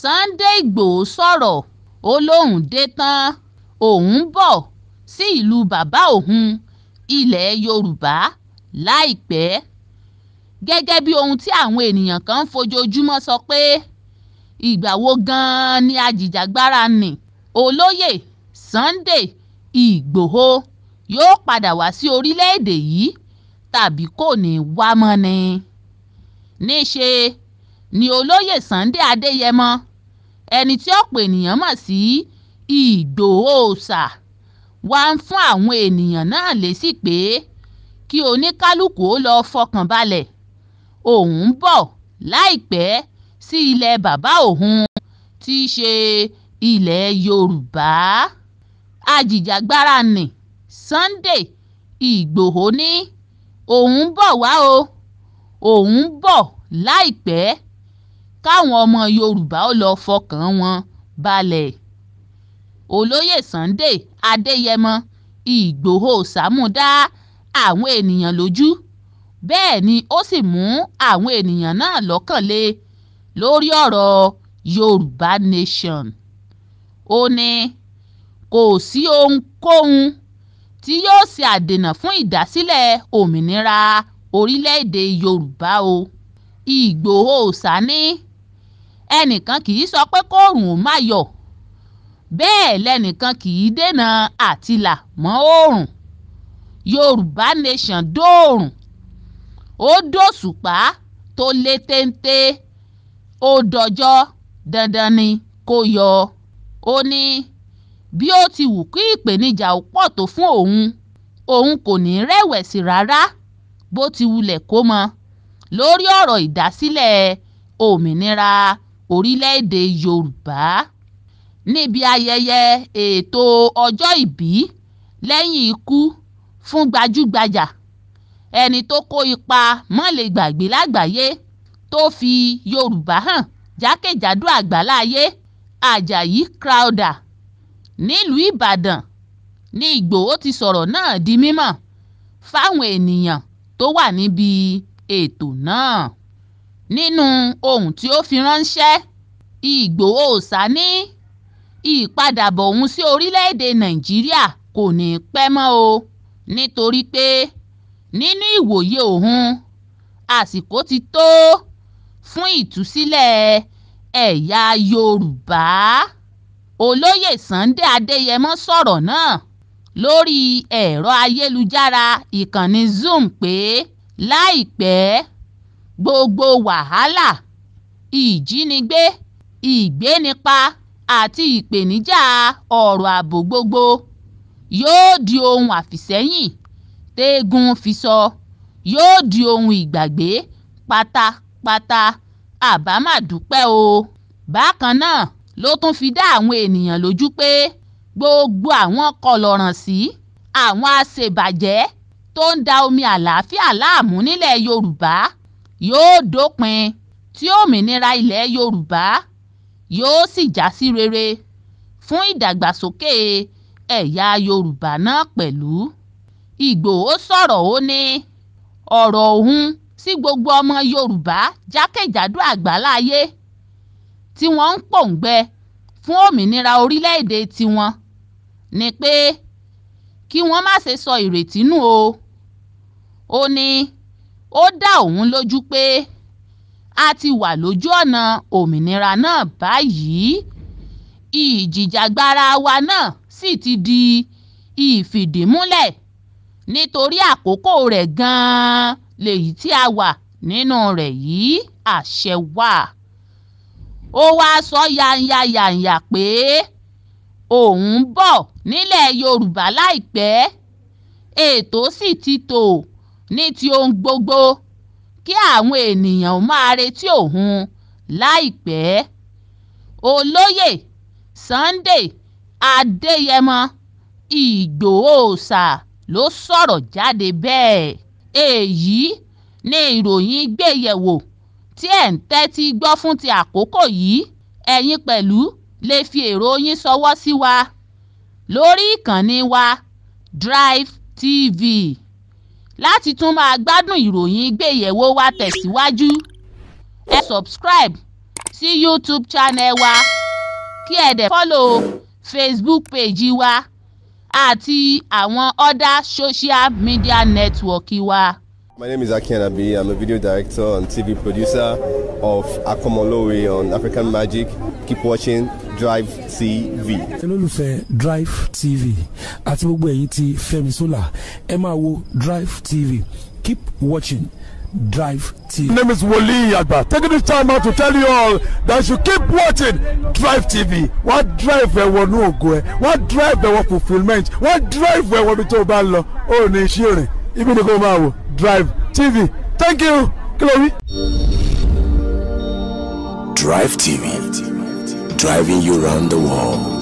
sunday igbodò sọ̀rọ̀ ó lóun dé tán òun ń bọ̀ sí ìlú bàbá òun ilẹ̀ yorùbá láìpẹ́ gẹ́gẹ́ bí ohun tí àwọn ènìyàn kan ń fojoojúmọ́ sọ pé ìgbà wo gan-an ni ajìjàgbara nì olóyè sunday igbòho yóò padà wá sí orílẹ̀-èdè yìí tàbí kò ní í wá mọ́ ni níṣẹ́ ni olóyè sunday adeyémọ ẹni tí ọ̀pọ̀ èèyàn mọ̀ sí ìgbòho òòṣà wá ń fún àwọn èèyàn náà lésì pé kí oníkálukú lọ́ọ́ fọkàn balẹ̀ òun ń bọ̀ láìpẹ́ sí ilẹ̀ bàbá òun tí í ṣe ilẹ̀ yorùbá ajìjàgbara nni sunday igbòho ní òun ń bọ̀ wá o òun ń bọ̀ láìpẹ́ káwọn ọmọ yorùbá ó lọ́ọ́ fọkàn wọn balẹ̀ olóyè sunday adeyémọ ìgbòho sámú dá àwọn ènìyàn lójú bẹ́ẹ̀ ni ó sì mú àwọn ènìyàn náà lọ́kàn le lórí ọ̀rọ̀ yorùbá nation ó ní kò sí ohunkóhun tí yóò ṣe àdènà fún ìdásílẹ̀ òmìnira orílẹ̀-èdè yorùbá o ìgbòho sani ẹnìkan kì í sọ pé kóòrùn má yọ bẹ́ẹ̀ lẹ́nìkan kì í dènà àtìlà mọ́ oòrùn yorùbá nation dóòrùn ó dòṣùpá tó lé téńté ó dọjọ́ dandan ni kó yọ ó ní bí ó ti wù kí ìpèníjà ó pọ̀ tó fún òun òun kò ní rẹ̀wẹ̀sì rárá bó ti wulẹ̀ kó mọ lórí ọ̀rọ̀ ìdásílẹ̀ òmìnira orílẹ̀-èdè yorùbá níbi ayẹyẹ ètò ọjọ́ ìbí lẹ́yìn ikú fún gbajúgbajà ẹni tó kó ipa mọ́lemgbàgbé lágbàáyé tó fi yorùbá hàn jákèjádò àgbáláyé ajayi crowder nílùú ìbàdàn ni ìgbòho ti sọ̀rọ̀ náà di mímọ́ fáwọn ènìyàn tó wà níbi ètò náà nínú ohun tí ó fi ránṣẹ́ ìgbòho òòṣà ní ìpadàbọ̀ òun sí orílẹ̀‐èdè nàíjíríà kò ní í pẹ́ mọ́ o nítorí pé nínú ìwòye òun àsìkò ti tó fún ìtúsílẹ̀ ẹ̀yà yorùbá olóyè sunday adéyẹmọ sọ̀rọ̀ náà lórí ẹ̀rọ ayélujára ìkànnì zoom pé láìpẹ́ gbogbo wàhálà ìjínigbé ìgbénipa àti ìpèníjà ọ̀rọ̀ ààbò gbogbo yóò di ohun àfìsẹ́yìn tẹ́ẹ́gùn fi sọ yóò di ohun ìgbàgbé pátápátá àbá má dúpẹ́ o bákan náà ló tún fi dá àwọn ènìyàn lójú pé gbogbo àwọn kọlọ̀rọ̀sí àwọn aṣèbàjẹ́ tó ń da omi àlàáfíà láàmú nílẹ̀ yorùbá yóò dópin tí òmìnira ilẹ̀ yorùbá yóò sì já sí rere fún ìdàgbàsókè ẹ̀yà yorùbá náà pẹ̀lú ìgbòho sọ̀rọ̀ ó ní ọ̀rọ̀ òun sí gbogbo ọmọ yorùbá jákèjádò àgbáláyé tí wọ́n ń pòǹgbẹ fún òmìnira orílẹ̀-èdè tiwọn ni pé kí wọ́n má ṣe sọ ìrètí nù o ó ní ó dá òun lójú pé a ti wà lójú ọ̀nà òmìnira náà báyìí ìjìjàgbara wa náà sì ti di ìfìdímúlẹ̀ nítorí àkókò rẹ̀ gan-an lèyí tí a wà nínú rẹ̀ yìí àṣẹ wà ó wáá sọ yányayànyà pé òun bọ̀ nílẹ̀ yorùbá láìpẹ́ ètò sì ti tò ní ti ohun gbogbo kí àwọn ènìyàn máa retí òun láìpẹ́ olóyè sunday adeyémọ ìgbòho òòṣà ló sọ̀rọ̀ jáde bẹ́ẹ̀ èyí ni ìròyìn gbéyẹ̀wò tí ẹ̀ ń tẹ́tí gbọ́ fún ti àkókò yìí ẹ̀yin pẹ̀lú lè fi èrò yín ṣọwọ́ sí wa lórí ìkànnì wa drive tv láti tún máa gbádùn ìròyìn ìgbéyẹ̀wò wa tẹ̀síwájú ẹ subscribe sí youtube channel wa kí ẹ dẹ̀ follow facebook page wa àti àwọn other social media network wa. My name is Akian I'm a video director and TV producer of Akomolowe on African Magic. Keep watching drive tv. olólùfẹ́ drive tv àti gbogbo ẹ̀yin ti Fẹ́mi Sola ẹ máa wo drive tv keep watching drive tv. my name is Wole Agba taking this time out to tell you all that you keep watching drive tv What drive ẹ̀wọ̀n ní ògo ẹ̀ wọ́n drive ẹ̀wọ̀n fulfilment What drive ẹ̀wọ̀n bí tó o bá lọ ó ní iṣẹ́ rìn ibi ni kò máa wò drive tv thank you kí ló rí. drive tv driving you around the world.